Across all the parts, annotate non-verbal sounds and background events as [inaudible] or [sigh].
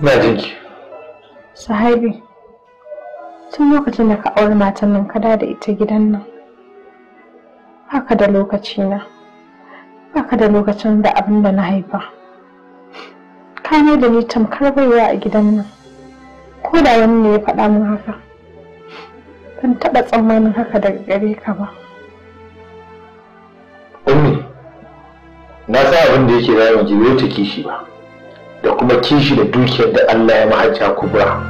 Ina jinki. Sahabi, tun lokacin da ka auri matan nan ka da ita gidan nan. Haka da lokaci na. Baka da lokacin da abin da na haifa. Ka da ni tamkar baiwa a gidan nan. Ko da wani ne ya faɗa min haka. Ban taɓa tsammanin haka daga gare ka ba. Ummi, na sa abin da yake rayuwa ki bai ta kishi ba. da kuma kishi da dukiyar da Allah ya mahajja kubura.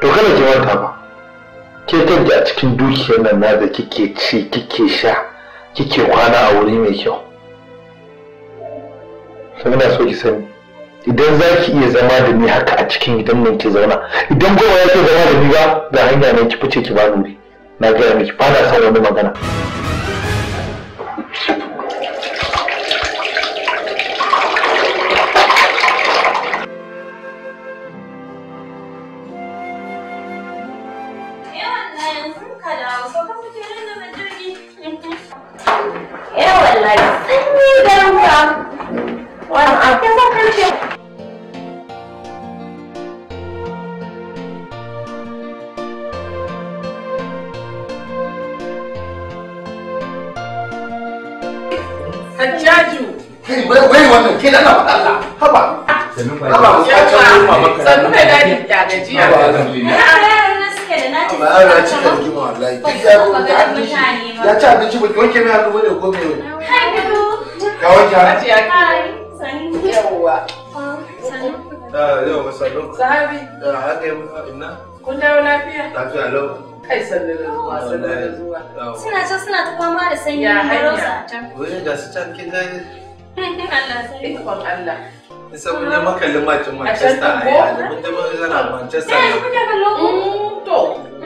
to kana ki ba ke kanta a cikin dukiyar nan na da kike ci kike sha kike kwana a wuri mai kyau sanana so ki sani idan za ki iya zama da ni haka a cikin gidan nan ki zauna idan goma ya ke zama da ni ba ga hanya ne ki fice ki ba nuri na gaya miki ba na son wani magana ya ci da rigima wallahi duk ya rubu da hannun ya ci abinci ba ki wanke mai hannu bane ko mai ka wanke hannu yawwa ah, ah, ah, yau masallo sahabi haka yi kun dawo lafiya lafiya lau kai da zuwa da zuwa suna can suna ta fama da sanyi ya hanya wani ga su can kin gani [laughs] Allah sai ikon Allah Manchester a yi da mun zana Manchester eh, ne.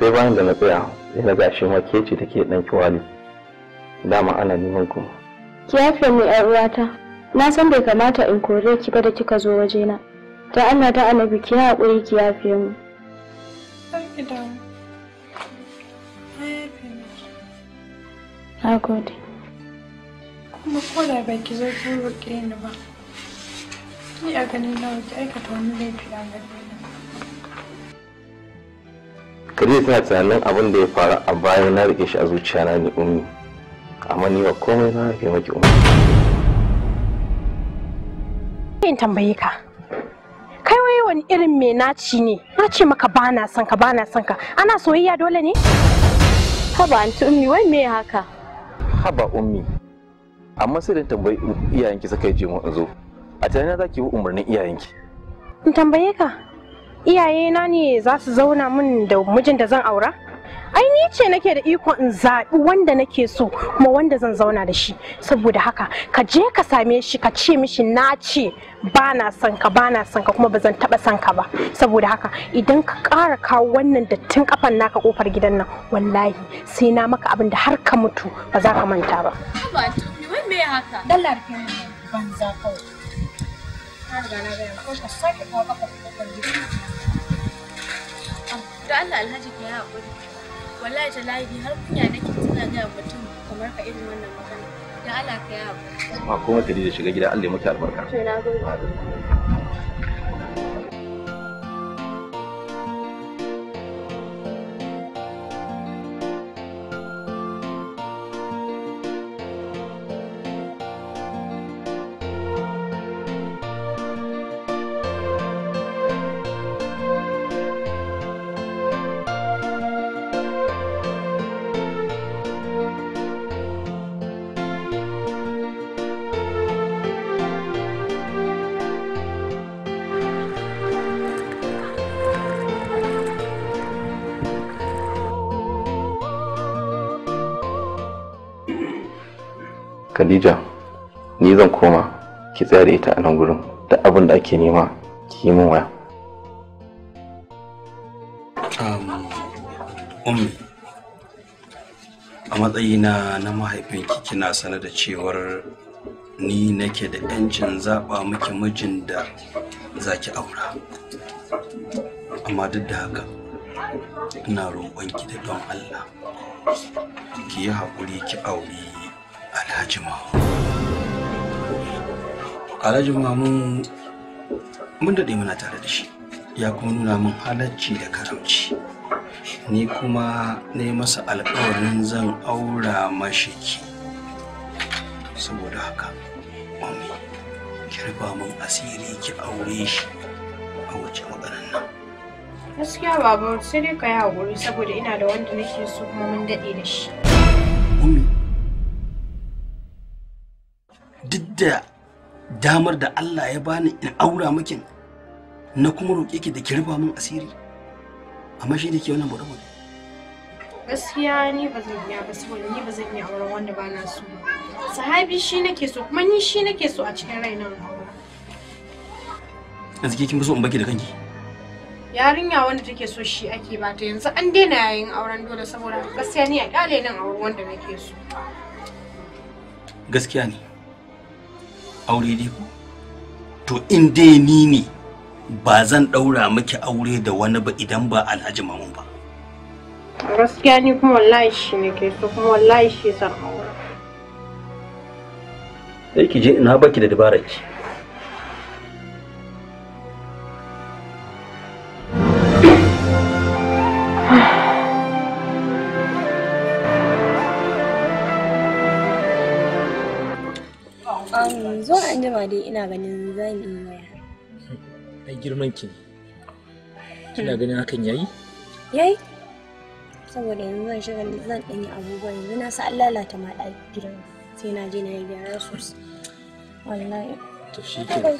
sai bayan da na tsaya sai na gashi ma ke ce take dan kiwali dama ana neman ku ki yafe mu yar uwata na san bai kamata in kore ki ba da kika zo wajena ta Allah ta annabi ki haƙuri ki yafe mu Na gode. Kuma ko da bai ki zo ki roƙe ni ba, ni a ganin na ki aikata wani laifi a gari. kare tana tunanin abin da ya faru a baya na rike shi a zuciya na ni ummi amma ni ba komai na rike maki ummi in tambaye ka kai wai wani irin me naci ne na ce maka bana son ka bana son ka ana soyayya dole ne haba anti ummi wai me haka haba ummi amma sai da tambayi iyayenki suka yi je mu zo a tunanin za ki yi umarnin iyayenki in tambaye ka iyayena ne za su zauna min da mijin da zan aura ai ni ce nake da iko in zaɓi wanda nake so kuma wanda zan zauna da shi saboda haka ka je ka same shi ka ce mishi na ce ba na son ka ba na son ka kuma ba zan taɓa son ka ba saboda haka idan ka ƙara kawo wannan dattin kafan naka ƙofar gidan nan wallahi sai na maka abin da har ka mutu ba za ka manta ba. Ba, me haka? Dalar banza kawai. na riga na gaya ko ka sake kawo da Allah alhaji ka yi haƙuri wallahi ta lahi har kunya nake tana gaya mutum kamar ka irin wannan magana da Allah ka yi haƙuri ba komai ka da shiga gida Allah ya miki albarka to na gode Khadija ni zan koma ki tsaya da ita a nan gurin da abin da ake nema ki yi min waya ummi a matsayina na mahaifinki kina sanar da cewar ni nake da 'yancin zaɓa miki mijin da za ki aura amma duk da haka ina roƙonki da don allah ki yi haƙuri ki aure Alhaji Mamu. Alhaji Mamu mun daɗe muna tare da shi ya kuma nuna min halacci da karamci. Ni kuma na masa alƙawarin zan aura mashi ki. Saboda haka, mami, ki rufa min asiri ki aure shi a wuce maganan nan. Gaskiya babu sai dai ka yi haƙuri saboda ina da wanda nake so kuma mun daɗe da shi. duk da damar da Allah ya bani in aura miki na kuma roƙe ki da ki rufa min asiri amma shi da ke wannan bude bude gaskiya ni ba zan iya ba saboda ni ba zan iya auren wanda ba na so sahabi shi nake so kuma ni shi nake so a cikin raina yanzu ke kin so in baki da kanki yarinya wanda take so shi ake ba ta yanzu an daina yayin auren dole saboda gaskiya ni a kyale nan auren wanda nake so gaskiya ne aure dai ko to in dai ni ne ba zan ɗaura miki aure da wani ba idan ba alhaji mamun ba gaskiya ni kuma wallahi shi ne ke so kuma wallahi shi zan aure sai ki je ina baki da dabarar ki yanzu an jima dai ina ganin za yi waya ai girman ki kina ganin hakan yayi yayi saboda yanzu zan shiga zan ɗanyi abubuwa yanzu na sa Allah lata ma ɗaki gidan sai na je na yi gyara sosai wallahi to shi ke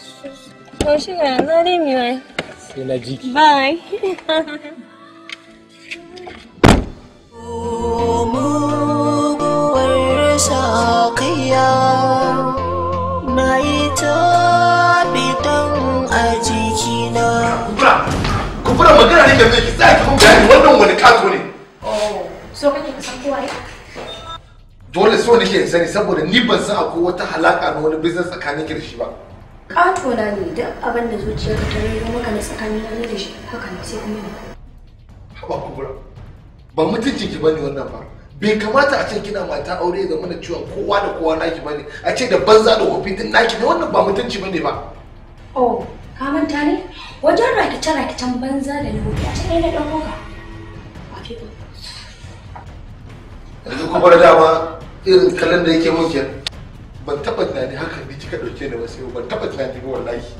to shi ga yanzu dai mai wai sai na ji. bye [laughs] wani kato ne oh, so kake ka san kowa ya dole so nake sani saboda ni ban san akwai wata halaka na wani business tsakanin ki da shi ba kato na ne duk abin da zuciyar ta rayuwa maka na tsakanin na da shi haka ne sai kuma ne haba kubura ba mutuncin ki bane wannan ba bai kamata a ce kina mata aure da mana cewa kowa da kowa naki bane a ce da banza da wofi din naki ne wannan ba mutunci bane ba oh ka manta ne wajen rakice-rakicen banza da na wofi a ce ne na dan koka yanzu kuma da dama irin kalan da yake mun ban taba tunani haka ne kika dauke da ba sai ban taba tunani ba wallahi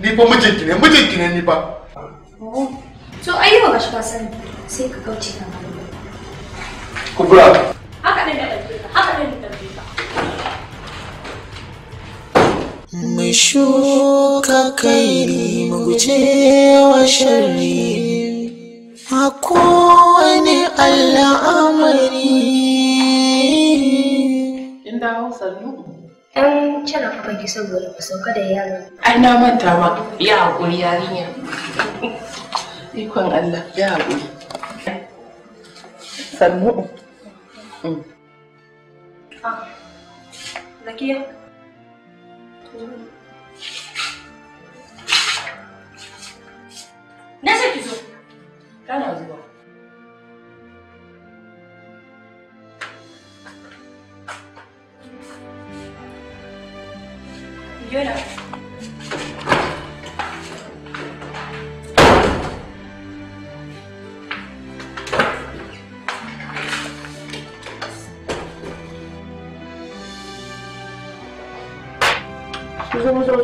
ni fa mijinki ne mijinki ne ni fa to ai ba gashi ba sani sai ka kauce kan kubra haka ne da haka ne da Mu shuka kairi mu guje wa sharri a kowane al'amari. In dawo sannu? Ɗan cana kafa ki saboda ba sauka da yaro Ai na manta ma ya haƙuri yarinya. Ikon Allah ya haƙuri. Sannu? Mm. Ah,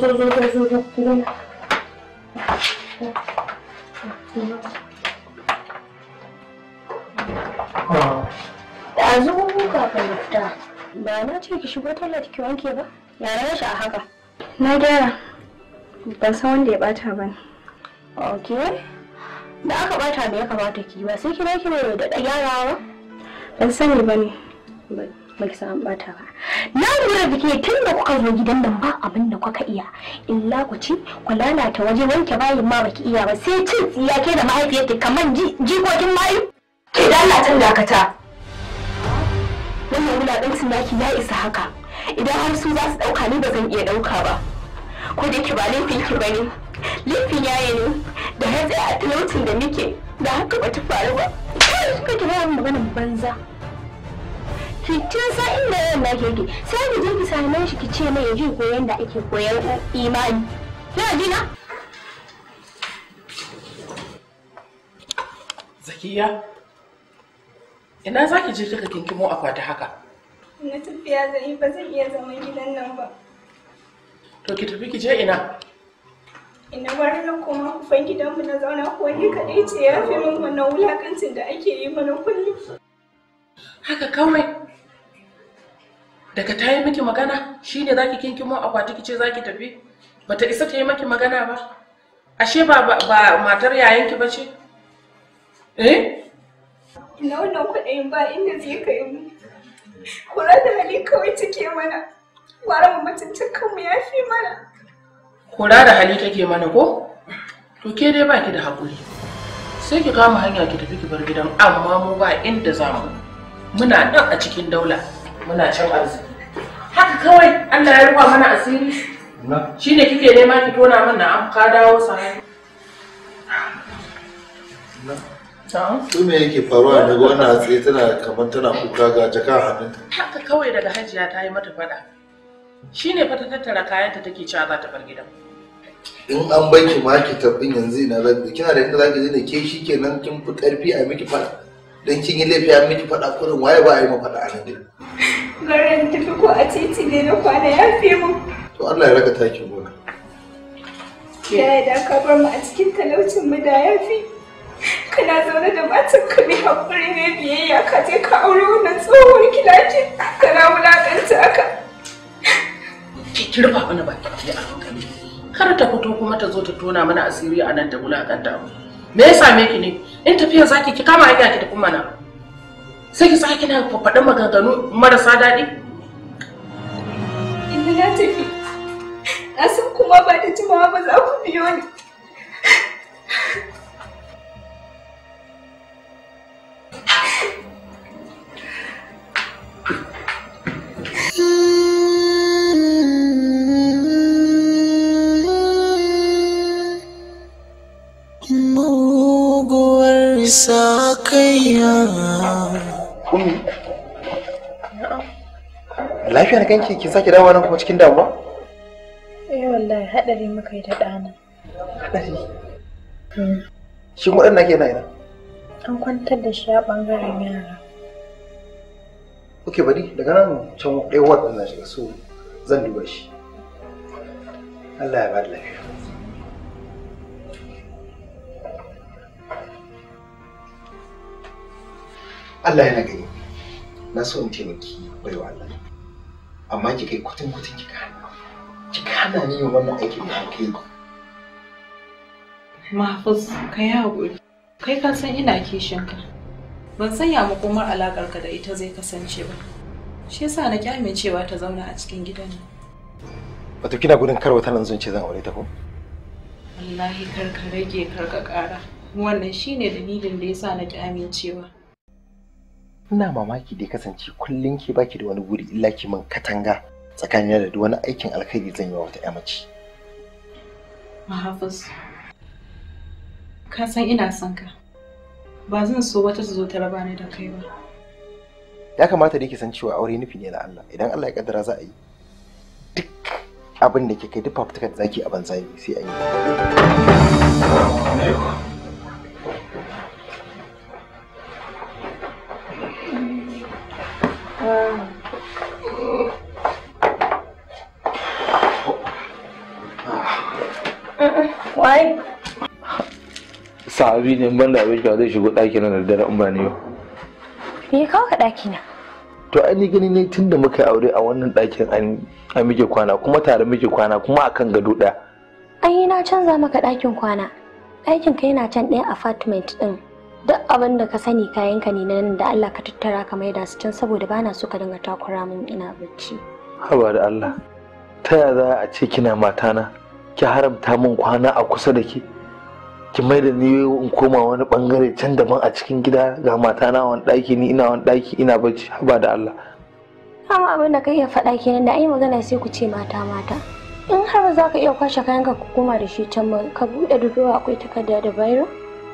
zo zo zo zo zo gidan Ɗazu kafin fita. Ba na ce ki shigo toilet ki wanke ba? Ya na shi a haka. Na gyara. Ban san wanda ya bata ba ne. Ok. Da aka bata da ya kamata ki ba sai kira ki mai da gyarawa ba? Ban sani ba ne. Ba ki san bata ba. lura da ke tun da kuka zo gidan nan ba abin da kuka iya illa ku ci ku lalata waje wanke bayin ma baki iya ba sai cin tsiya ke da mahaifiyarki kamar jikokin mayu ke da Allah tun dakata wannan wulaƙancin naki ya isa haka idan har su za su ɗauka ni ba zan iya ɗauka ba ko da ki ba laifin ki bane laifin yaye ne da hatsi a talaucin da muke da haka ba ta faru ba kake ba mu magana banza tun sa inda na yake sai ki je ki same shi ki ce mai yaje koyon da ake koyon imani na ji na zakiya ina za ki je kika kinkimo akwati haka na tafiya zan yi ba zan iya zaman gidan nan ba to ki tafi ki je ina ina bari na koma kufan gidanmu na zauna ko ni kaɗai ce ya fi min wannan wulakancin da ake yi mana kullum haka kawai daga ta yi miki magana shi ne za ki kinkimo akwati kice za ki tafi ba ta isa ta yi miki magana ba ashe ba ba matar yayanki ba ce eh ina wannan kuɗin ba inda zai kai mu kula da hali kawai take mana gwara mu mutuntun kanmu ya fi mana kula da hali take mana ko to ke dai baki da haƙuri sai ki kama hanya ki tafi ki bar gidan amma mu ba inda za mu muna nan a cikin daula muna can arziki haka kawai Allah ya rufa mana asiri shine kike nema ki tona min na ka dawo sarai Su me yake faruwa ne ga wannan hatsi tana kamar tana kuka ga jaka hannunta. Haka kawai daga hajiya ta yi mata fada. Shi ne fata tattara kayanta take cewa za ta bar gidan. in an baki ma ki tabbin yanzu na rabbi kina da inda zaki je da ke kenan kin fi karfi a miki fada don kin yi laifi an miki faɗa kudin waye ba a yi mafaɗa a nan garin tafi ko a titi ne na kwana ya fi mu to Allah ya raka taki gona yaya da ka bar mu a cikin talaucin mu da ya fi kana zaune da matan ka mai haƙuri ne biyayya ka je ka aure wannan tsohon kilaki kana wulaƙanta ka ki rufa mana baki a hankali kar ta fito kuma ta zo ta tona mana asiri a nan da wulaƙanta mu me ya same ki ne in tafiya zaki ki kama hanya ki tafi mana sai ki sake kina faɗan maganganu marasa daɗi inda na tafi na san kuma ba da jimawa ba za ku biyo ni sa kaiya kumi lafiya na ganki ki sake dawowa nan kuma cikin damuwa eh wallahi hadari muka yi ta dana hadari hmm. shi kuma ɗan nake na ina an kwantar da shi a ɓangaren yara ok bari daga nan can ɗaya wadda na shiga so zan duba shi Allah ya ba da lafiya Allah yana gani na so in taimaki baiwa Allah amma ki kai kutun kutun ki hana ki kana ni yin wannan aikin da kai Mahfuz ka yi haƙuri kai ka san ina kishin ka ban san ya makomar alakar ka da ita zai kasance ba shi yasa na kyame cewa ta zauna a cikin gidan nan wato kina gudun karwa wata nan ce zan aure ta ko wallahi kar ka rage kar ka ƙara wannan shine dalilin da yasa na ki amincewa ina mamaki da kasance kullum ke baki da wani guri illa ki min katanga tsakanin da duk wani aikin alkhairi zan yi wa wata mace. Mahafiz, ka san ina son ka. Ba zan so wata ta zo ta raba ni da kai ba. Ya kamata da ki san cewa aure nufi ne na Allah. Idan Allah ya kaddara za a yi. Duk abin da kike duk fafutukar zaki a banza sai an yi. Wai? Sahabi ne ban da abin zai shigo ɗaki na daddare in ba ni ba. Me ya kawo ka ɗaki na? To an yi gani ne tun da muka yi aure a wannan ɗakin an muke kwana kuma tare muke kwana kuma a kan gado ɗaya. An yi na canza maka ɗakin kwana. Ɗakin ka yana can ɗaya apartment ɗin. duk abin da ka sani kayanka ne nan da Allah ka tattara ka maida su can saboda bana so ka dinga takura min ina bacci haba da Allah ta ya za a ce kina matana ki haramta min kwana a kusa da ki mai maida ni in koma wani bangare can daban a cikin gida ga matana wani daki ni ina wani daki ina bacci haba da Allah Amma abin da kai ya faɗa kenan da ai magana sai ku ce mata mata in har za ka iya kwashe kayanka ku koma da shi can ka buɗe durowa akwai takarda da bayan?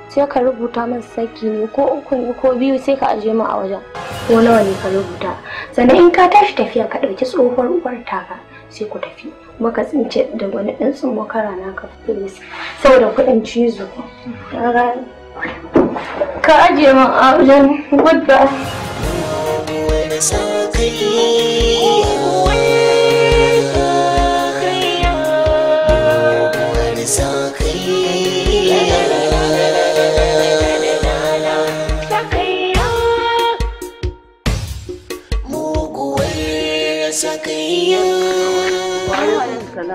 sai ka rubuta min saki ne ko uku ko biyu sai ka aje mu a wajen ko nawa ne ka rubuta sannan in ka tashi tafiya ka ɗauki tsohuwar uwar taka sai ku tafi kuma ka tsince da wani ɗan tsin makara na ka filis saboda kuɗin cizo ka aje mu a wajen goodbye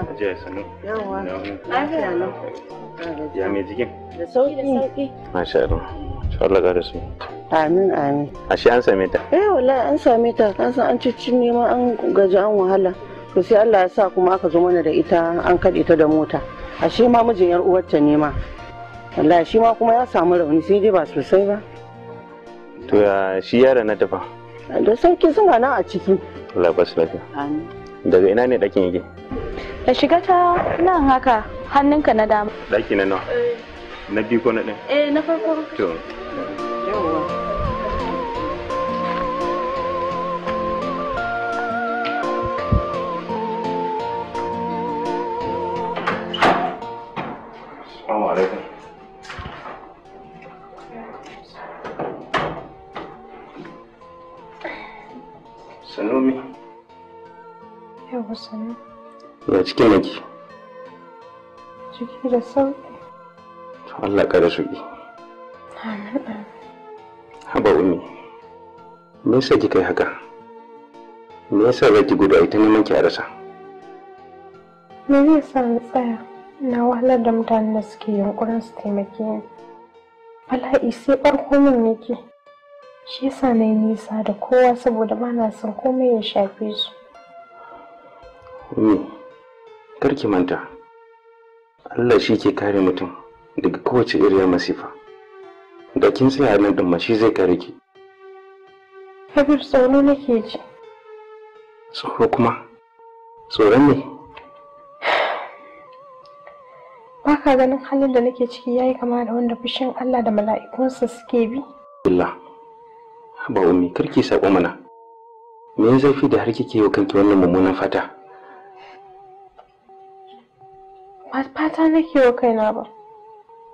Hajiya sanu. Yawwa. Lafiya lau. Ya mai jikin? Da sauki. Masha Allah. Insha Allah ga da su. Amin A shi an same ta? Eh wallahi an same ta. Kan san an cici nema an gaji an wahala. To sai Allah ya sa kuma aka zo mana da ita an kaɗe ita da mota. A shi ma mijin yar uwarta ne ma. Wallahi shi ma kuma ya samu rauni sai dai ba sosai ba. To ya shi yaron na tafa? Da sauki suna nan a ciki. Allah ba su lafiya. Amin. Daga ina ne dakin yake? Ka shiga ta nan haka hannunka na dama. Daki na nawa? Na biyu ko na ɗin? Eh na farko. To. Assalamu Yau ya cike nake ciki da sauƙi. to Allah kada amin. haba umi me yasa kika yi haka me yasa za ki gudu a ita neman ki a rasa me zai sa na tsaya na wahalar da mutanen da suke yunkurin su taimake ni bala'i sai barko min ke. shi yasa na yi nisa da kowa saboda ba na son komai ya shafe su Umi. Kar ki manta, Allah shi ke kare mutum daga kowace iriyar masifa. Da kin tsaya nan ma shi zai kare ki. Habib tsoro nake ji. Tsoro kuma? tsoro ne? [sighs] Ba ka ganin halin da nake ciki ya yi kama da wanda fushin Allah da mala'ikunsa suke bi? Allah, ba umi karki saƙo mana. Me ya fi da har kike yi wa kanki wannan mummunan fata? ba fata nake wa kaina ba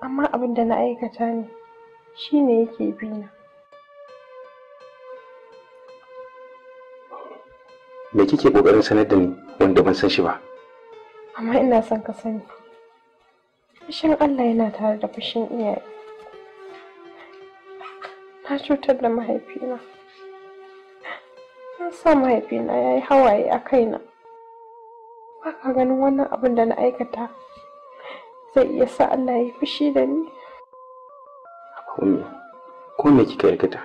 amma abin da na aikata ne shine yake bi na me kike kokarin sanar da ni wanda ban san shi ba amma ina son ka sani fushin Allah yana tare da fushin iyaye na cutar da mahaifina na sa mahaifina ya yi hawaye a kaina ba ka ganin wannan abin da na aikata zai iya sa Allah ya fushi da ni ummi ko me kika yarkata?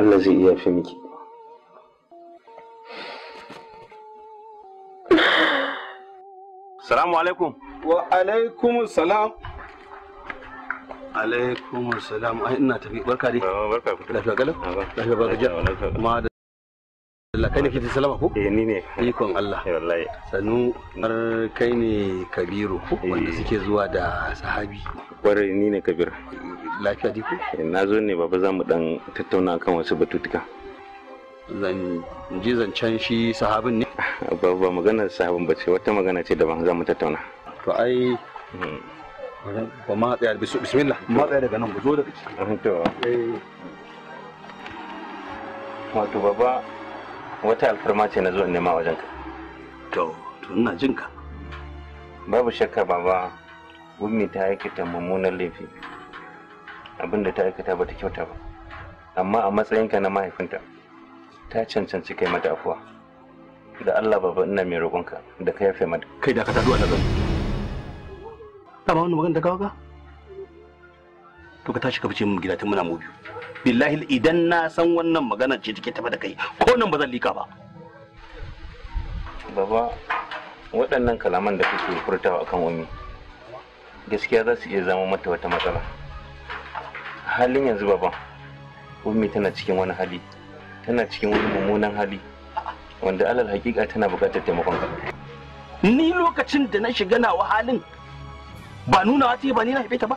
Allah zai iya fi miki Salamu alaikum. Wa alaikum salam. alaikum salam ai ina tafi barka dai barka ku lafiya galau lafiya barka ja Allah kai ne kiti salama ko? Eh ni ne. Ikon Allah. Eh, wallahi. Sanu har kai ne Kabiru eh. wanda suke zuwa da sahabi. Kwarai ni ne Kabir. Lafiya diko? Eh, na zo ne baba za mu dan tattauna kan wasu batutuka. Zan ji can shi sahabin ne? [laughs] Ba ba maganar sahabin ba ce wata magana ce daban za mu tattauna. To ai hmm. ba ma tsaya bismillah ma tsaya daga nan ku zo daga ciki. To. Wato baba wata alfarma ce na zo in nema wajen ka to to ina jin ka babu shakka baba gummi ta aikata mummunan laifi abinda ta aikata bata kyauta ba amma a matsayinka na mahaifinta ta cancanci kai mata afuwa da Allah baba ina mai roƙonka da ka yafe mata kai da ka ta zuwa Ta ba wannan magana ta kawo ka to ka tashi ka fice mun gida tun muna mu biyu billahi idan na san wannan maganar ce take tafa da kai ko nan ba zan lika ba baba waɗannan kalaman da kake furtawa akan wani gaskiya za su iya zama mata wata matsala halin yanzu baba ummi tana cikin wani hali tana cikin wani mummunan hali wanda alal hakika tana buƙatar taimakon ka ni lokacin da na shiga nawa halin ba nuna wata ba ni na haife ta ba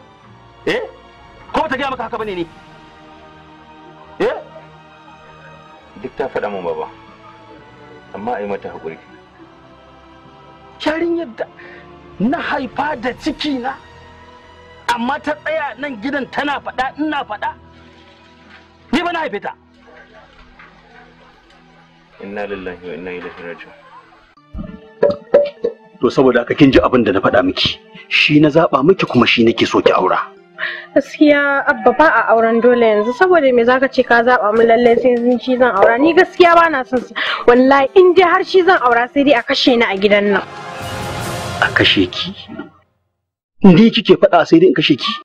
eh ko ta gaya maka haka bane ne duk ta faɗa min baba amma a yi mata haƙuri yarin yadda na haifa da ciki na amma ta tsaya nan gidan tana faɗa ina faɗa ni ba na haife ta inna lillahi wa inna ilaihi raji'un to saboda haka kin ji abin da na faɗa miki shi na zaɓa miki kuma shi nake so ki aura gaskiya abba ba a auren dole yanzu saboda me zaka ce ka zaba min lallai sai shi zan aura ni gaskiya ba na son wallahi in dai har shi zan aura sai dai a kashe ni a gidan nan a kashe ki in dai kike faɗa sai dai in kashe ki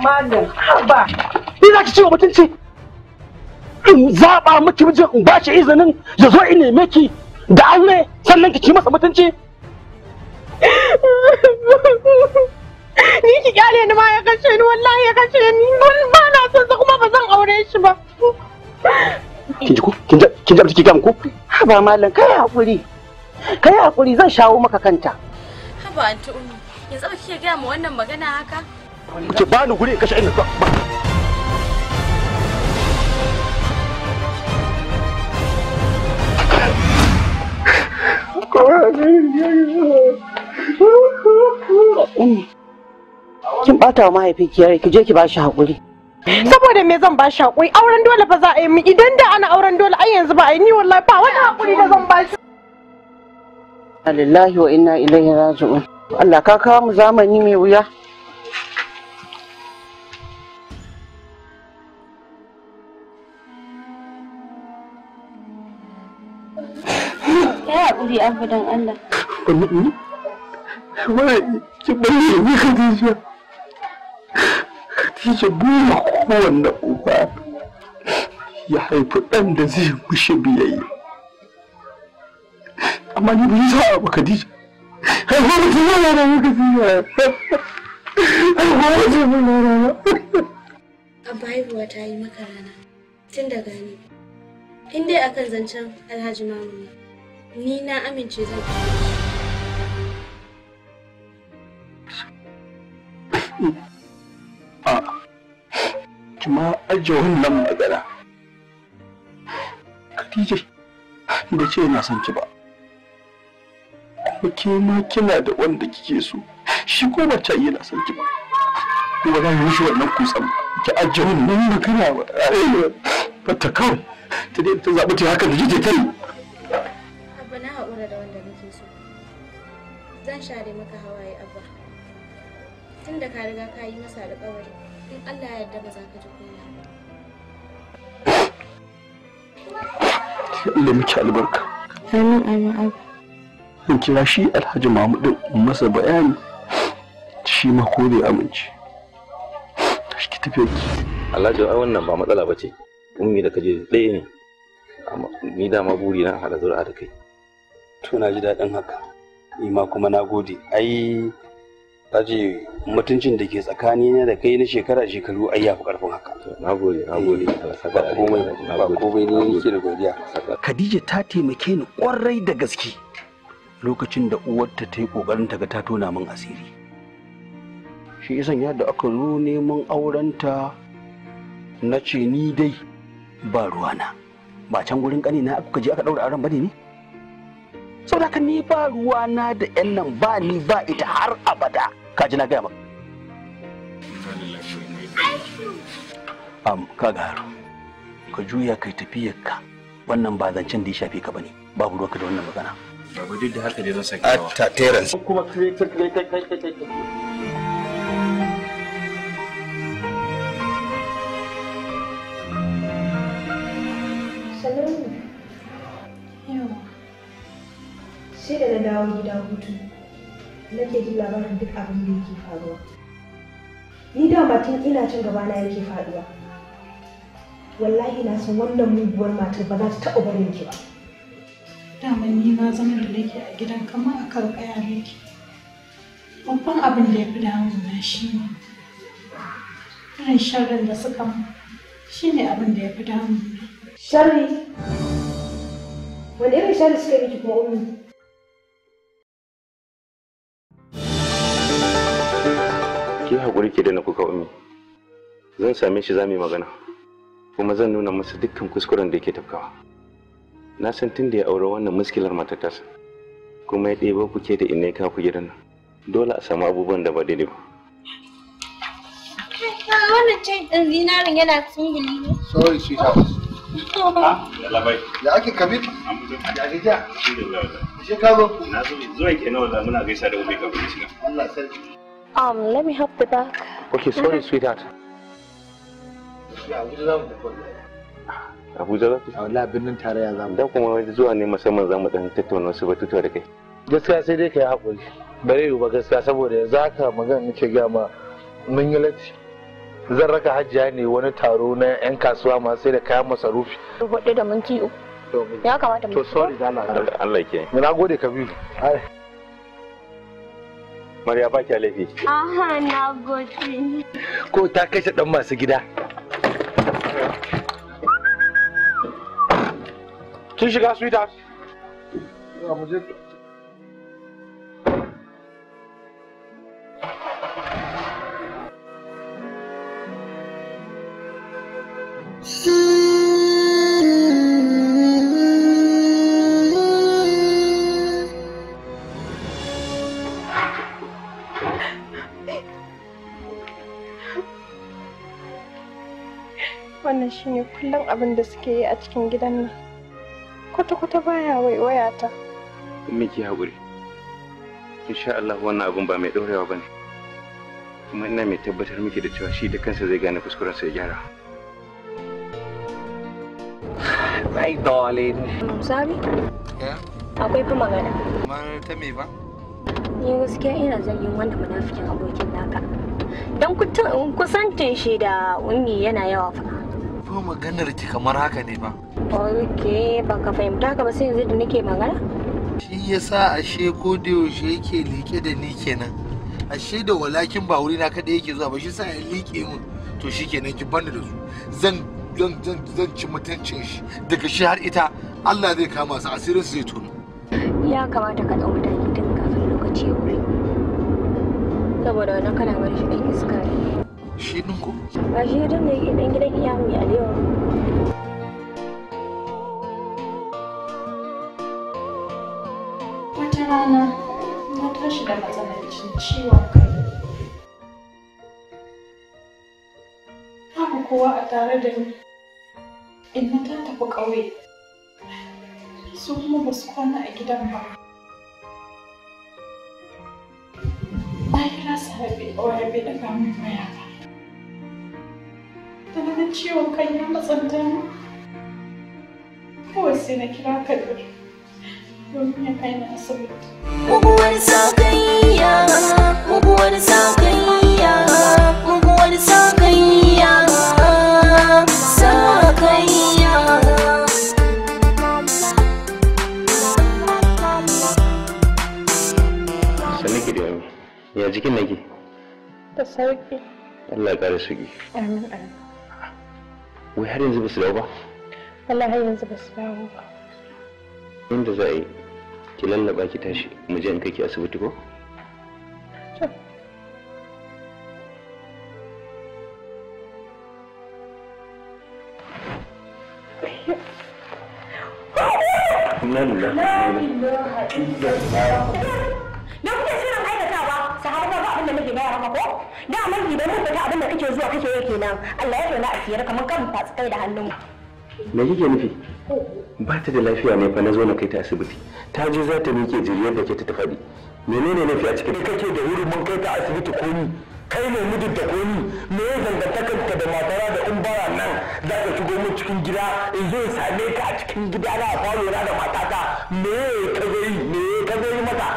Malam, haba, ni za ki ce wa mutunci? in zaba miki mijin in ba shi izinin ya zo in neme ki da aure sannan ki ci masa mutunci ni ki kyale ni ma ya kashe ni wallahi ya kashe ni ba na son sa kuma ba zan aure shi ba kin ji ko kin ji kin ji kike ko haba mallam kai hakuri kai hakuri zan shawo maka kanta haba anti umi yanzu ba kike ga mu wannan magana haka ki bani guri in kashe ina ba kin ɓata wa ki yare ki je ki bashi hakuri. Saboda me zan bashi hakuri, auren dole ba za a yi min idan da ana auren dole ai yanzu ba a yi ni wallahi ba wani hakuri da zan bashi. Lillahi wa inna ilaihi raji'un. Allah ka kawo mu zamani mai wuya. haƙuri abadan Allah. Wani ki bayyana ni Khadija. Khadija goma kowanne uba ya haifi ɗan da zai mishi biyayya. Amma ni bai sa'a ba Khadija. Haifa mutum yana da muka fiya. Haifa mutum yana da muka Abba haihuwa ta yi maka rana tun da gani. In dai akan zancen Alhaji Mamu ne. Ni na amince zan A ah. Kuma ajiye wannan magana. Khadija da ce na san ki ba. Kuma ke ma kina da wanda kike so. Shi ko ta yi na san ki ba. Ba za mu shi wannan kusan ki ajiye wannan magana ba. ta kawai. Ta dai ta zabi ta haka da jije ta zan share maka hawaye abba tun da ka riga ka yi masa alƙawari in allah ya yarda ba za ka ji kunya Allah miki albarka. Amin amin abu. In kira shi Alhaji Mahmud din masa bayani shi ma ko bai amince. Shi ki tafi ki. Alhaji ai wannan ba matsala bace. Ummi da kaje ɗaya ne. Amma ni dama buri na hada zura da kai. To na ji daɗin haka. ma kuma na gode ai mutuncin da ke tsakani ne da kai na shekara shekaru ai yafi karfin haka na gode na gode eh, ba komai ba komai ne yake da godiya Khadija ta taimake ni kwarai da gaske lokacin da uwarta ta yi kokarin ta ga ta tona min asiri shi isan yadda aka zo neman aurenta na ce ni dai ba ruwana ba can gurin ƙanina aka je aka ɗaura aren bane ne saboda haka ni ba ruwa na da yan nan ba ni ba ita har abada ka ji na gaya maka am ka garu ka juya kai tafiyar ka wannan ba zancen da ya shafe ka bane babu ruwa da wannan magana babu duk da haka ne zan sake a ta kuma kai kai kai kai kai sai da na dawo gida hutu nake ji labarin duk abin da yake faruwa ni da tun ina cin gaba na yake faduwa wallahi na san wannan muguwar matar ba za ta taɓa barin ki ba dama ni na zama da nake a gidan kamar a karkaya nake babban abin da ya fi na shi ne irin sharrin da suka shi ne abin da ya fi damu sharri wani irin sharri suka yi miki kuma umu haƙuri da na kuka umi zan same shi za mu yi magana kuma zan nuna masa dukkan kuskuren da yake tafkawa na san tun da ya aure wannan muskilar matatas kuma ya ɗebo kuke da inai ka ku gidan nan dole a samu abubuwan da ba daidai ba wannan cin ɗin zinarin yana tsunguli ne sorry sweetheart [laughs] ah, ya ake kabir ya ake ja shi ka zo na zo zuwa kenan wanda muna gaisa da wani kabir shiga Allah sarki Um, let me help the bag. Okay, sorry, mm-hmm. sweetheart. Abuja za ku? Wala nan tare ya zama. Da kuma wani zuwa ne musamman za mu dan tattauna wasu batutuwa da kai. Gaskiya sai dai ka yi haƙuri. Bare yiwu ba gaskiya saboda yanzu haka magana nake gaya ma mun yi latti. Zan raka hajjiya ne wani taro na 'yan kasuwa masu sai da kayan masarufi. Rubuɗe da minti uku. Ya kamata mu. To sorry da Allah. Allah ke. Na gode Kabiru. Mariya ba ki laifi. Aha, na gode. Ko ta kashe ɗan masu gida. Tun shiga sweetheart? Ya shine kullum abin da suke yi a cikin gidan nan kwata-kwata baya waiwaya ta kuma ki haƙuri insha Allah wannan abin ba mai ɗorewa ba ne kuma ina mai tabbatar miki da cewa shi da kansa zai gane kuskuren sa ya gyara ne. darling Sabi akwai fa magana kamar ta me ba ni gaskiya ina zargin wanda munafikin abokin naka dan kusantin shi da unni yana yawa fa fa maganar ki kamar haka ne ba ok ban ka fahimta ka ba sai yanzu da nake magana shi yasa ashe ko da yaushe yake leke da ni kenan ashe da walakin ba wuri na kada yake zuwa ba shi sa ya leke mun to shi kenan ki bani da su zan zan zan ci mutuncin shi daga shi har ita Allah zai kama su asirin su zai tono ya kamata ka ɗau mataki tun kafin lokaci ya wuri saboda wani kana bar shi da iska ne shi ɗin ko? Ba shi ɗin ne ɗan gidan iya mai alewa. Wata rana na tashi da matsanancin ciwon kai. Haka kowa a tare da ni. Inna ta tafi ƙauye. Su kuma ba su kwana a gidan ba. Na kira sahabi, wani bai daga min waya da ciwon kan ya matsanta kawai sai na kira kabir domin ya kai na asibiti muguwar sakayya muguwar sakayya muguwar sakayya sakayya ki ya jikin nake da Allah ya amin wai har yanzu ba su dawo ba wallahi har yanzu ba su dawo ba inda za a yi ki lallaba ki tashi mu je in kake asibiti ko Nan da. da miji gaya maka ko da da mun ta abin kake zuwa kake yake nan Allah ya tona siyar kamar kan fatsi kai da hannun me kike nufi ba ta da lafiya ne fa na zo na kai ta asibiti ta je za ta miƙe jiriyar da ke ta tafadi menene nafi a cikin kake da wuri mun kai ta asibiti ko ni kai ne mijin da komi me ya zangantakarka da matara da in bara nan za ka shigo mu cikin gida in zo same ka a cikin gida na falo na da matata me ka zai me ka zai mata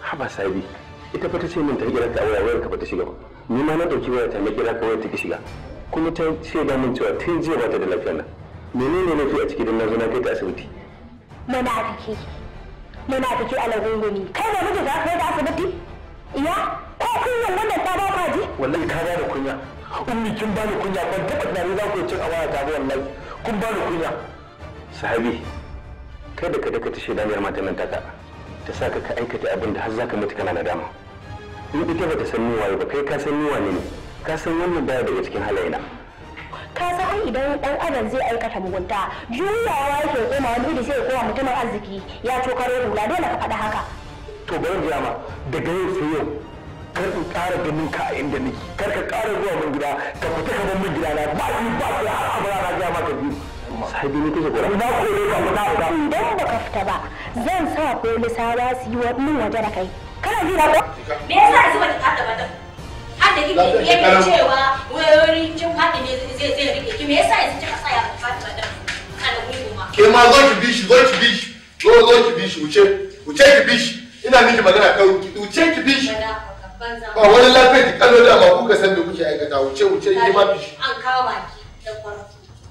haba sabi ita fata ce min ta kira ta waya wayar ka fata ta shiga ba ni ma na dauki waya ta na kira ka wayar ta shiga kuma ta ce da mun cewa tun jiya ba ta da lafiya na menene ne fi a cikin na zo kai ta asibiti mana munafiki a lagungumi kai da miji za ka kai ta asibiti iya ko kunyan wannan ta ba ka ji wallahi ka ba da kunya ummi kin ba ni kunya ban taba ni za ku cin amana ta wallahi kun ba ni kunya sahabi kai da ka daka ta shaidaniyar matan nan taka ta sa ka aikata abin da har za ka mutu kana nadama in ita ba ta san ni waye ba kai ka san ni wane ne ka san wannan baya daga cikin halayena ka san har idan dan adam zai aikata mugunta juyawa yake koma wani da sai koma mutumin arziki ya to karo dole ka faɗa haka to bari ji ma daga yau sai yau kar in ƙara ganin ka a inda nake kar ka ƙara zuwa mun gida ka fita ka bar min gida na ba ni ba sahibi ne kike Ba ko ne ka fita fita ba zan sa polisawa su yi waje Me yasa zuwa Har da kike cewa ba Ke ma zo ki zo wuce ki Ina miki magana kai ki wani lafiya ki kallo da ma san da kuke aikata wuce ma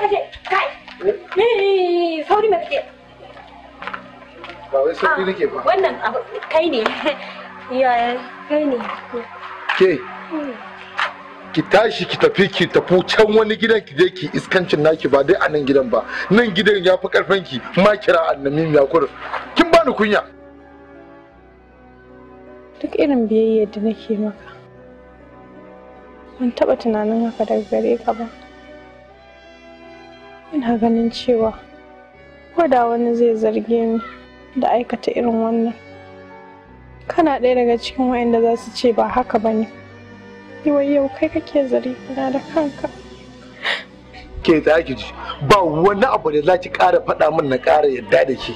kaje kai eh sauri mai kaje ba wai sauki nake ba wannan kai ne ya ki tashi ki tafi ki tafi can wani gidan ki je ki iskancin naki ba dai a nan gidan ba nan gidan ya fi karfin ki ma kira annami ya kurin kin bani kunya duk irin biyayyar da nake maka ban taba tunanin haka daga gare ka ba ina ganin cewa da wani zai zarge ni da aikata irin wannan kana ɗaya daga cikin waanda za su ce ba haka ba ne yau kai kake zari na da kanka ke ta ji ba wani abu da za ki ƙara faɗa min na ƙara yadda da ke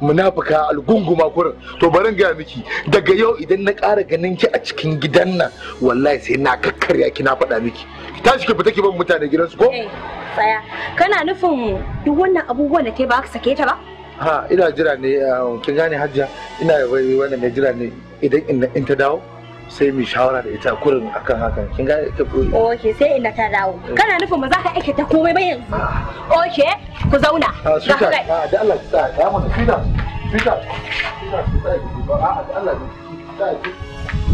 munafuka algunguma kurin to bari ga miki daga yau idan na ƙara ganin ki a cikin gidan nan wallahi sai na kakkarya ki na faɗa miki ki tashi ki fita ki ban mutane gidansu ko eh. tsaya kana nufin duk wannan abubuwan da ta ba ka sake ta ba ha ina jira ne ah, kin gane hajja ina wannan ne jira ne idan in ta dawo sai mu shawara da ita kurin akan hakan kin gane ta kuri oke sai ina ta dawo mm. kana nufin ba za ka aike ta komai ba yanzu oke ku zauna ah, ga ga ah, da Allah ki tsaya ya mu fita fita fita ki tsaya da Allah ki tsaya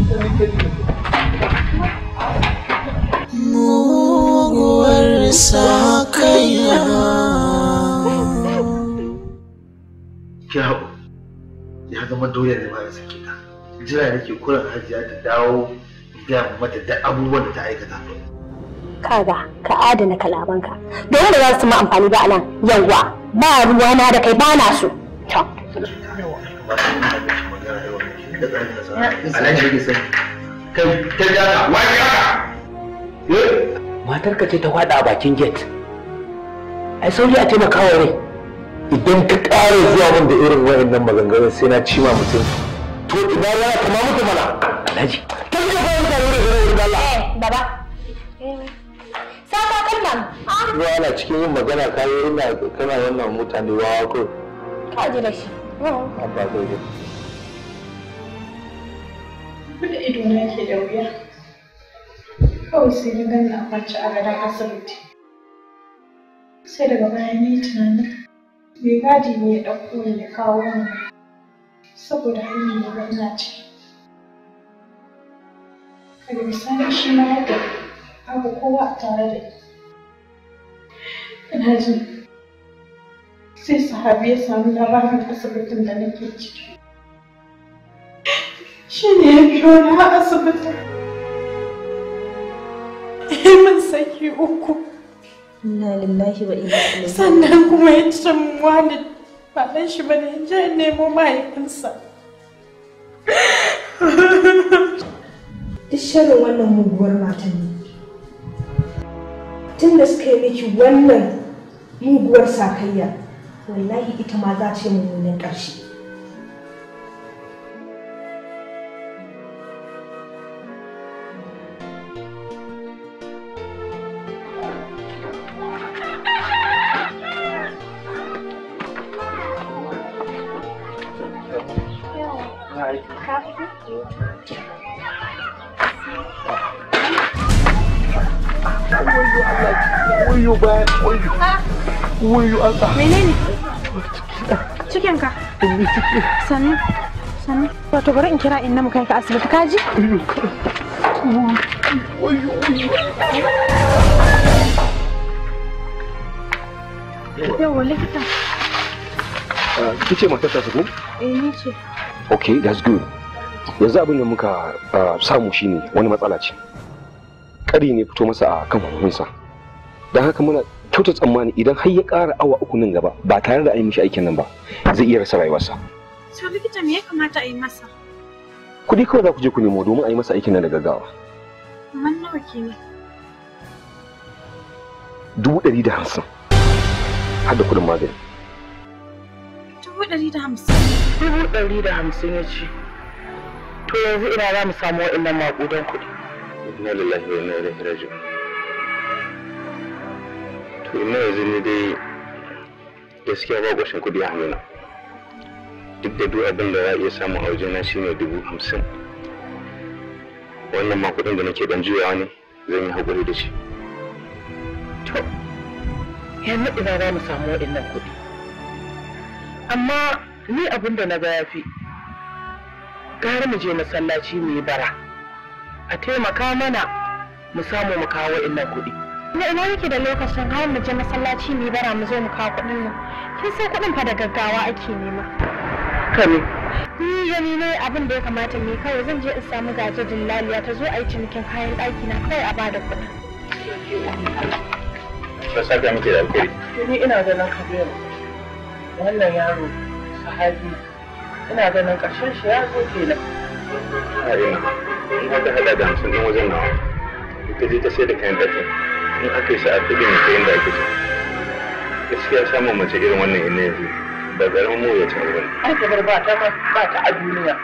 ni ke ni muguwar Ki kyau ya zama dole ne ba sake ta jira nake kuran hajiya ta dawo mata da abubuwan da ta aikata kaga ka adana kalamanka domin da za su ma amfani ba nan yawwa ba ruwa na da kai ba na so to kai kai ya matar ka ce ta fada a bakin gate ai sauri a taimaka wa rai idan ka ƙara zuwa min da irin wayannan maganganu sai na ci ma mutum to ina ya kama mutu mana alhaji kan ka fara mutane wurin zuwa wurin Allah eh baba saka kan nan ah. ruwa wala cikin yin magana ka yi ina kana wannan mutane wawa ko ka ji da shi oh. abba ko ji ido na ke da wuya kawai sai na gani a kwance a gadon asibiti sai daga baya ne tunanin mai gadi ne ya ɗauko ni ya kawo ni saboda hanyar da ba ina ce daga bisani shi ma ya tafi babu kowa a tare da ni ina jin sai sahabi ya samu labarin asibitin da nake ciki shi ne ya biyo na asibitin yi min saki uku inna lillahi wa inna sannan kuma ya ce wani ba dan shi bane ya je nemo mahaifinsa duk sharin wannan muguwar matan ne tun da suka yi miki wannan muguwar sakayya wallahi ita ma za ce mummunan ƙarshe wayo alta. menene cikin ka sannu sannu wato bari in kira in na kai ka asibiti kaji yawa likita ah, kice matar ta ko eh ni ce okay that's good yanzu abin da muka ah, samu shine wani matsala ce kari ne fito masa a kan hukunsa don haka muna kyauta tsammani idan har ya ƙara awa uku nan gaba ba tare da a yi mishi aikin nan ba zai iya rasa rayuwarsa. To likita me ya kamata a yi masa? Kuɗi kawai za ku je ku nemo domin a yi masa aikin nan da gaggawa. Man nawa kenan? Dubu ɗari da hamsin. Har da kuɗin magani. Dubu ɗari da hamsin. Dubu ɗari da hamsin ya ce. To yanzu ina za mu samu waɗannan maƙudan kuɗi. Inna lillahi wa inna ilaihi raji'un. na yanzu ne dai gaskiya ba ƙwashin kuɗi a hannuna duk da duk abin da za iya samu a wajena shine dubu hamsin wannan ma kuɗin da nake ɗan juyawa ne zan yi hakuri da shi to yanzu ina za mu samu waɗannan kuɗi amma ni abin da na ga ya fi gara mu je masallaci mu yi bara a taimaka mana mu samu mu kawo waɗannan kuɗi na ina yake da lokacin har mu je masallaci mu bara mu zo mu kawo kuɗin nan. Kin san kuɗin fa da gaggawa ake nema. Kame. Ni gani ne abin da ya kamata ni kawai zan je in samu din laliya ta zo a yi cinikin kayan ɗaki na kawai a bada kuɗi. Ba sa ga muke da alƙari Ni ina ganin Kabiru. Wannan yaro sahabi ina ganin ƙarshen shi ya zo kenan. Arewa, in haka hada da hamsin ɗin wajen nawa. Ita je ta sai da kayan ɗakin. in aka yi sa'a ta gini ta yin da ake so gaskiya samun mace irin wannan ina yanzu ba ƙaramin mu ya tawo bane ai kamar ba ta ba ta a duniya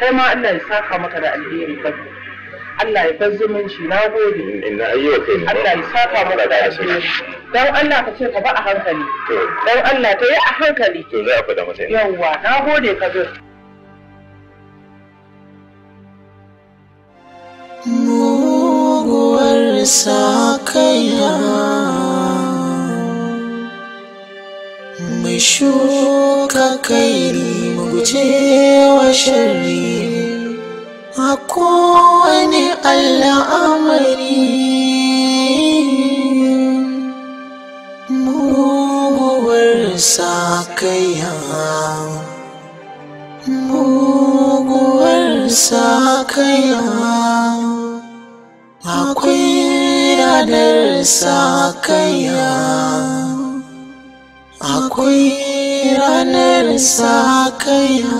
kai ma Allah ya saka maka da alheri ba Allah ya bar shi na gode inna ayyuka kai Allah ya saka maka da alheri dan Allah ka ce ka ba a hankali dan Allah ta yi a hankali to za a faɗa mata yawwa na gode ka bi muguwar sa kaina mai muje kairi mu guje wa a kowane al'amari muguwar sa kaiya muguwar sa kaiya sa kaiya akwai ranar sa kaiya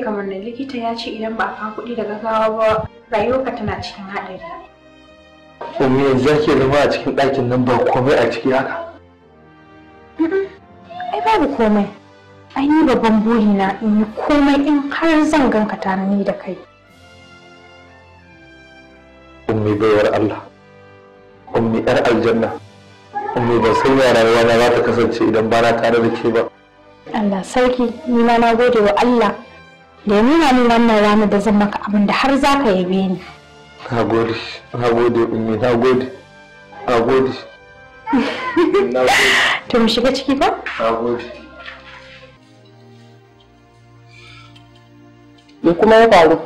kamar na likita ya ce idan ba a kan kuɗi da gaggawa ba rayuwarka tana cikin haɗari. Kuma yanzu ya ke zama a cikin ɗakin nan ba komai a ciki haka? Ai babu komai. Ai ni babban na, in yi komai in har zan ganka ta ni da kai. Ummi baiwar Allah. Ummi 'yar aljanna. Ummi ban san ya rayuwa na za ta kasance idan ba na tare da ke ba. Allah sarki ni ma na gode wa Allah domin nuna wannan rana da zan maka abin da har za ka yabe ni. Na gode, na gode, Ummi, na gode, na gode. [laughs] To mu shiga ciki ba? Na gode. Me kuma ya faru?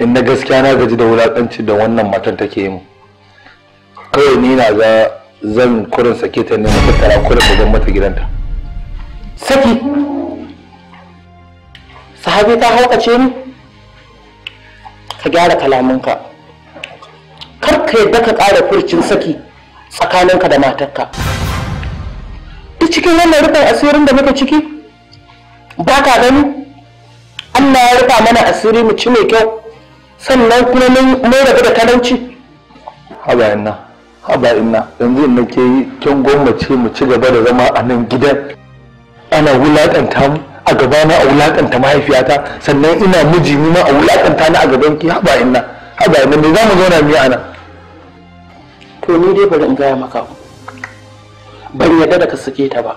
In na gaskiya na gaji da wulaƙanci da wannan matan take yi mu. Kawai ni na za zan kurin sake ta ne na tattara kurin da zan mata gidanta. Saki! sahabi ta haukace ni ka gyara kalamanka kar ka yadda ka ƙara furcin saki tsakaninka da matarka duk cikin wannan rufin asirin da muka ciki ba ka gani allah ya rufa mana asiri mu ci mai kyau sannan kuma mun rabu da talauci haba yanna haba inna yanzu in nake yi kyan gwamnati mu ci gaba da zama a nan gidan ana wulaƙanta mu a na a wulakanta mahaifiyata sannan ina miji ni ma a wulakanta ni a gaban ki haba inna haba inna me za mu zauna mu ana to ni dai bari in gaya maka ban yadda da ka sake ta ba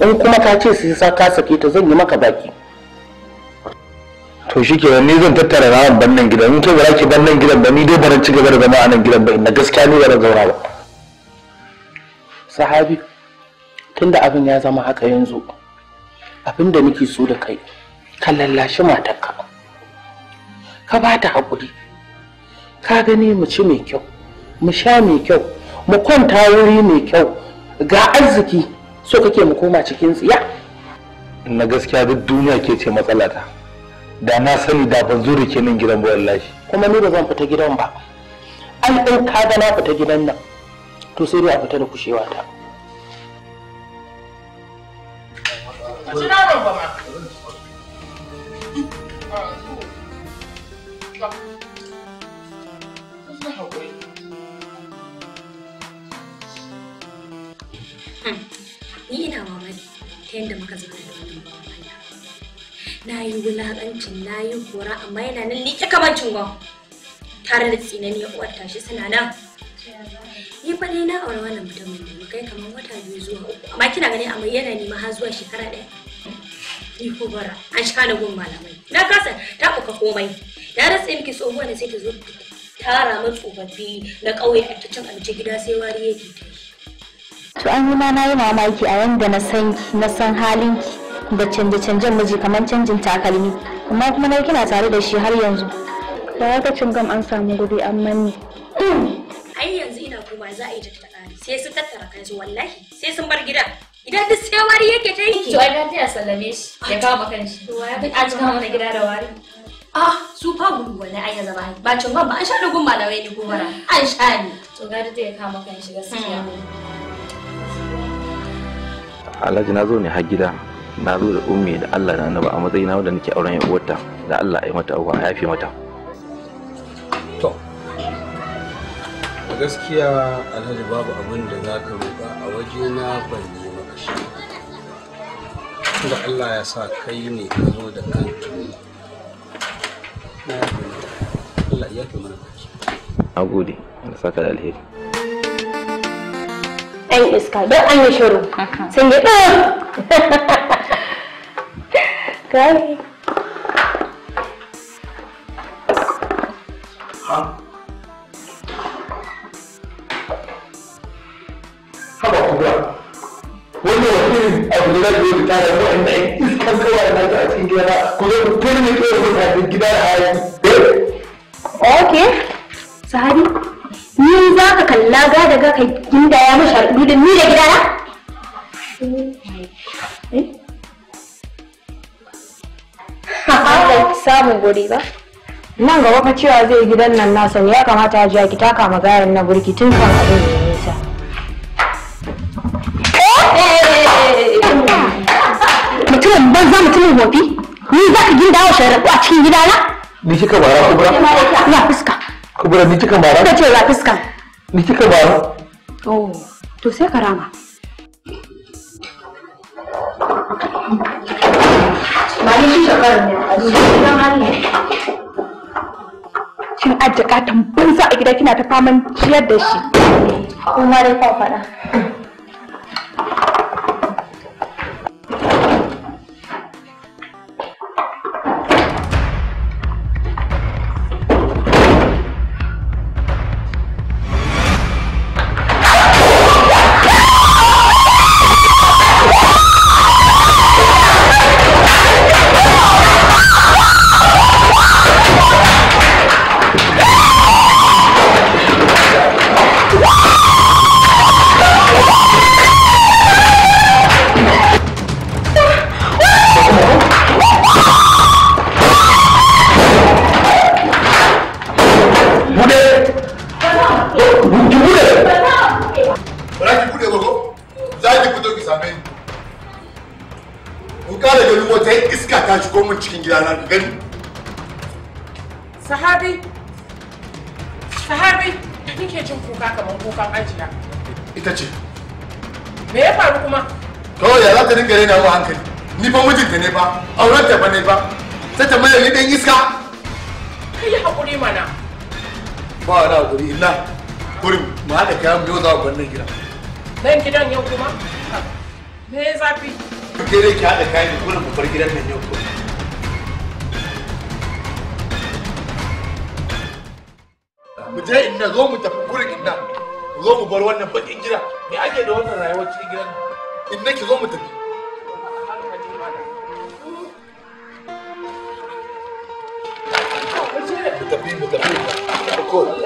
in kuma ka ce sai sa ka sake ta zan yi maka baki to shi ke ni zan tattara rawan bannan gidan in ke ba ki bannan gidan ba ni dai bari ci gaba da zama a nan gidan ba inna gaskiya ni ba zauna ba sahabi tunda abin ya zama haka yanzu abin da nake so da kai ka lallashi matarka ka ba ta haƙuri ka gani mu ci mai kyau mu sha mai kyau mu kwanta wuri mai kyau ga arziki so kake mu koma cikin tsiya na gaskiya duk duniya ke ce matsalata da na sani da ban zo da nan gidan buwan lashi kuma ni ba zan fita gidan ba ai in ka ga na fita gidan nan to sai dai a fita da kushewa ta Ka ci naman ba ma. Ni ina mamaki ta yadda muka zama da wani bawan Allah. Na yi wulaƙancin na yi kora, amma yana nan ni liƙe kamar cungon. Tare da tsinaniyar uwar tashi suna nan. Ni fa dai na aure wannan mutumin da kai kamar wata biyu zuwa uku. Amma kina gani amma yana nema har zuwa shekara ɗaya. bara an sha na gun malamai na kasa ta fuka komai na rasa miki tsohuwa ne sai ta zo tara mu tsofaffi na ƙauye a cikin abinci gida sai wari yake to an yi na yi mamaki a yanda na san na san halin ki da canje-canjen miji kamar canjin takalmi amma kuma na kina tare da shi har yanzu da lokacin gam an samu gobe, an manne ai yanzu ina kuma za a yi ta sai sun tattara kai wallahi sai sun bar gidan idan duk sai wari yake ta yi to dan ta sallame shi ya kama kan shi a cikin mana gida da wari ah su fa gudu wani an ya zama ba cin ba an sha da ba da wai ni gumara an sha ni to ga da ya kama kanshi shi gaskiya hmm. Alhaji na zo ne har gida na zo da ummi da Allah na naba a matsayina wanda nake auren ya uwarta da Allah ya mata uwa a yafe mata to gaskiya Alhaji babu abin da zaka roƙa a wajena ban da Allah ya sa kai ne ka zo da kanka Allah ya kuma mana baki a gode da saka da alheri ɗan iska don an yi shiru sun yi ɗan [laughs] kai Ok, Sahari, ni za ka kalla ga daga ka gindaya da ni da eh? Samun ba? Nan gaba fa cewa zai gidan nan nasa ne ya kamata jiya, ki taka magayan na burki tun kan abin. sharabu a cikin na? Ni kika bara kubura? Ya fuska. Kubura ni kika bara? Kika ce ya fuska. Ni kika bara? Oh, to sai Mali shi ne a Kin katon banza a gida kina ta faman ciyar da shi. Kuma dai rena wa hankali ni fa mijinta ne ba auren ta ba ne ba sai ta mayar ni dan iska kai hakuri mana ba da hakuri illa kurin mu da kayan biyo za ku wannan gida dan gidan yau kuma me ya zafi ke dai ki haɗa kayan kurin mu bar gidan nan yau kuma mu je inda zo mu tafi kurin inda zo mu bar wannan bakin gida me ake da wannan rayuwar cikin gidan inda ki zo mu tafi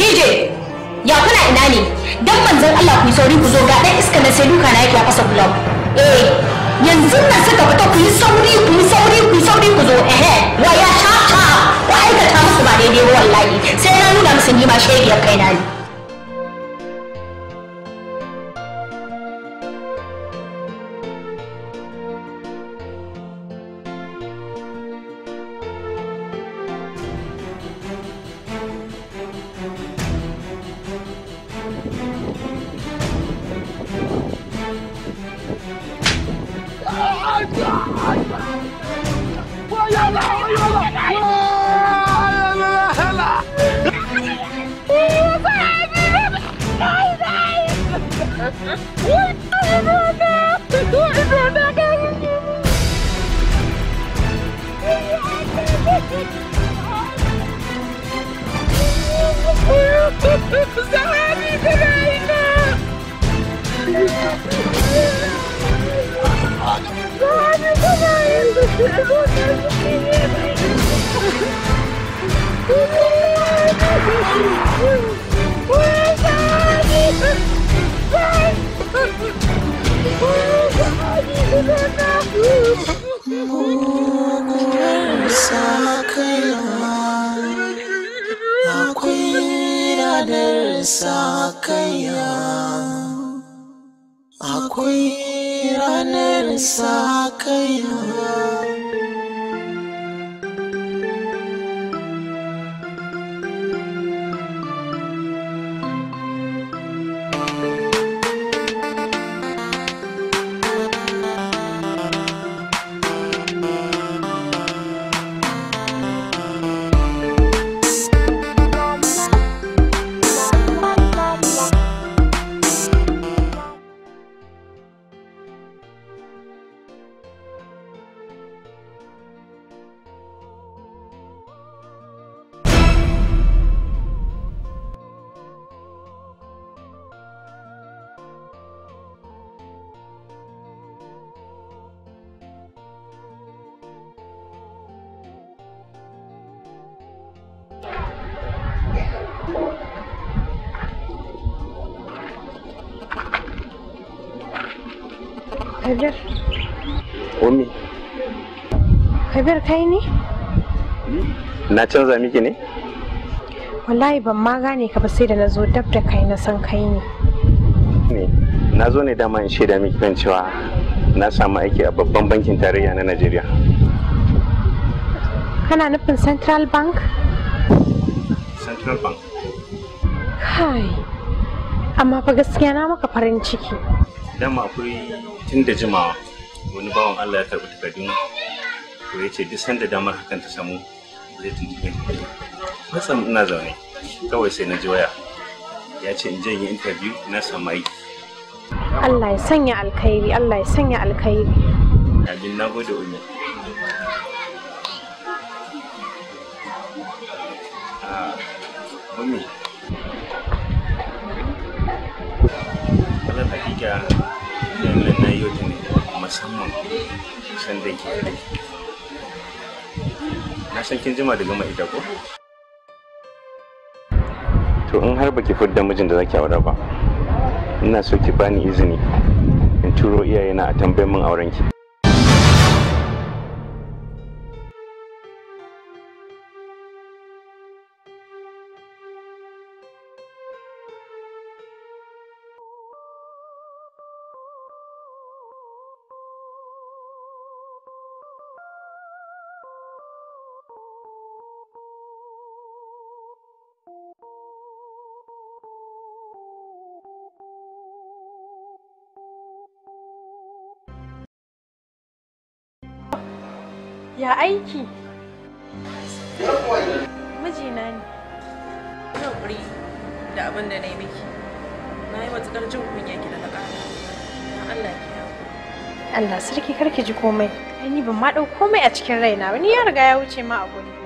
CJ ya kuna ina ne dan manzon Allah ku sauri ku zo ga dan iska na sai duka na yake a fasa kula. eh yanzu nan suka fita ku yi sauri ku yi sauri ku yi sauri ku zo eh wa ya sha ta ku aikata musu ba daidai wallahi sai na nuna musu ni ma shege kai na ne Kabir. Ummi. kai ne? Na canza miki ne? Wallahi ban ma gane ka ba sai da na zo dab da kai na san kai ne. Ne, na zo ne dama in shaida miki kan cewa na samu aiki a babban bankin tarayya na Najeriya. Kana nufin Central Bank? Central Bank. Kai, amma fa gaskiya na maka farin ciki. Dama akwai tun da jimawa wani bawan Allah ya karɓi takardun to ya ce duk da damar hakan ta samu zai tuntube ni na samu ina zaune kawai sai na ji waya ya ce in je yi interview na samu Allah ya sanya alkhairi Allah ya sanya alkhairi abin na gode wani Mummy, Yeah. musamman san da ke na san kin jima da gama ita ko to in har baki fudda mijin da zaki aure ba ina so ki bani izini in turo iyayena a tambayar min aurenki Ya aiki? Mijina ne. Ina ƙuri da abin da na yi miki. Na yi matuƙar jin kunya ki da na ƙara. Allah ki Allah sarki karki ji komai. Ai ni ban ma dau komai a cikin raina ba ni ya riga ya wuce ma a guri.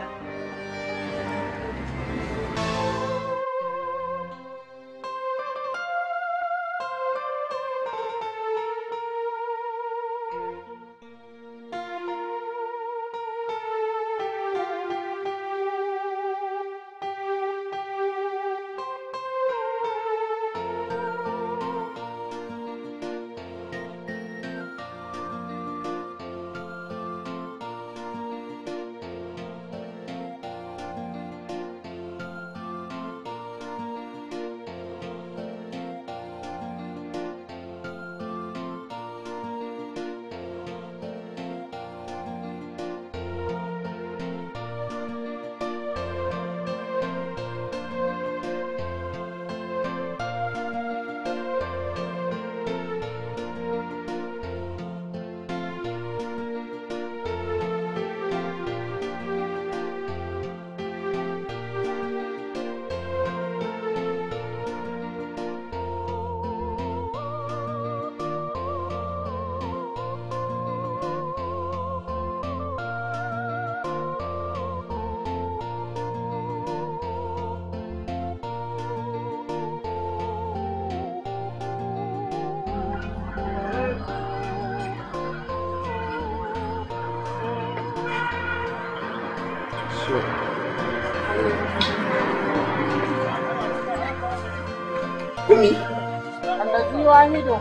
Hamidu.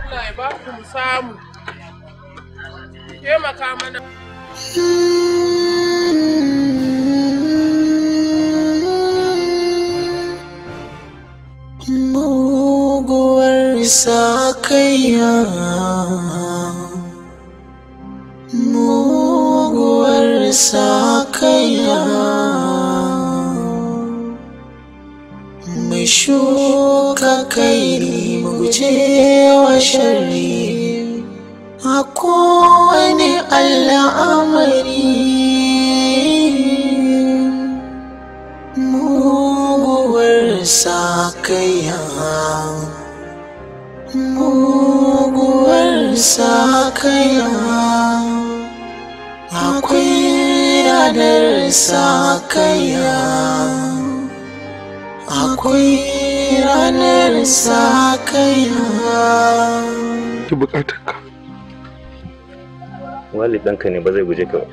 Allah ya ba ku samu. Taimaka mana. sharri a kowane al'amari muguwar sakaya muguwar sakaya akwai ranar sakaya akwai ranar sa ka. ɗanka ne ba zai guje ka ba.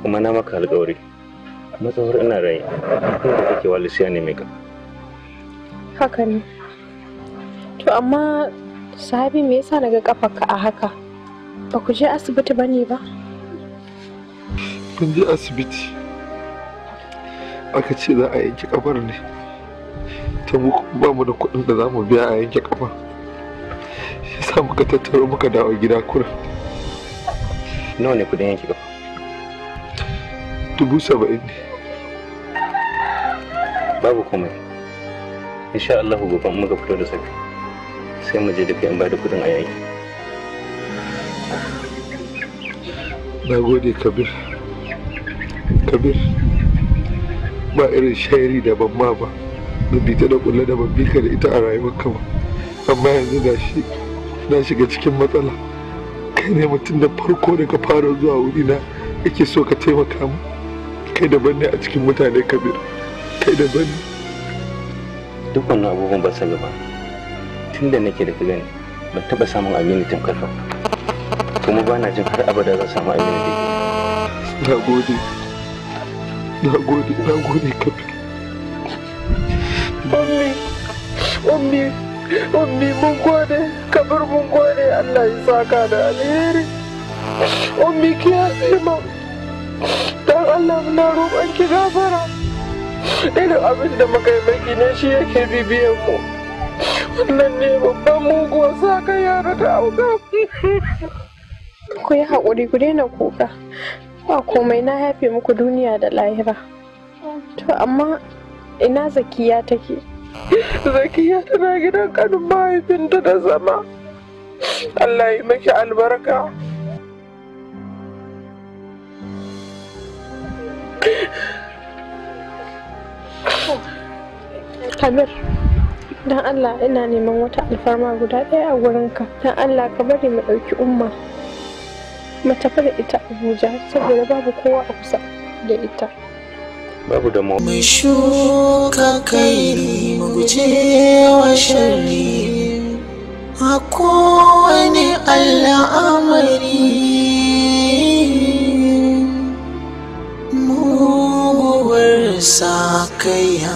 Kuma na maka alƙawari. Matsawar ina rai, kai da kake wali sai ne ka. Haka ne. To amma sahabi me yasa naga kafarka a haka? Ba ku je asibiti ba ne ba? Kun je asibiti. Aka ce za a yanki kafar ne. ta mu ba mu da kuɗin da za mu biya a yanke kafa shi sa muka tattaro muka dawo gida kura. nawa ne kuɗin yanke kafa dubu saba'in ne babu komai insha Allah gobe muka fito da safi sai mu je da kai in ba da kuɗin a yanki na gode kabir kabir ba irin shayari da ban ma ba da bita da kulle da ban bika da ita a rayuwar ba amma yanzu da shi na shiga cikin matsala kai ne mutum da farko da ka fara zuwa wurina yake so ka taimaka mu kai da ne a cikin mutane kabir kai da ne duk wannan abubuwan ba sai ba tun da nake da ka gani ban taba samun aminu tamkar ba kuma ba na jin har abada za samu aminu da ke na gode na gode na gode kabir ummi ummi ummi mun gode kabir allah isa kada aliri. alheri ummi ki yafe min allah na anki gafara Ini abis da muka yi maki ne shi yake bibiyan mu wannan ne babban muguwar sa ka yara ta auka ku yi haƙuri daina kuka ba komai na yafe muku duniya da lahira amma ina zakiya take zakiya tana gidan kanin mahaifinta da zama allah yi miki albarka Kamir, don Allah ina neman wata alfarma guda ɗaya a wurinka, don Allah ka bari mu ɗauki umma. Mu tafi da ita Abuja saboda babu kowa a kusa da ita. babu da Mai shuka kairi mu guje wa shari a kowane al'amari muguwar sakaya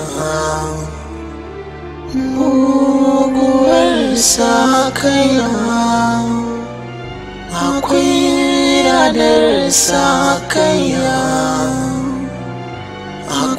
muguwar sakaya akwai radar sakaya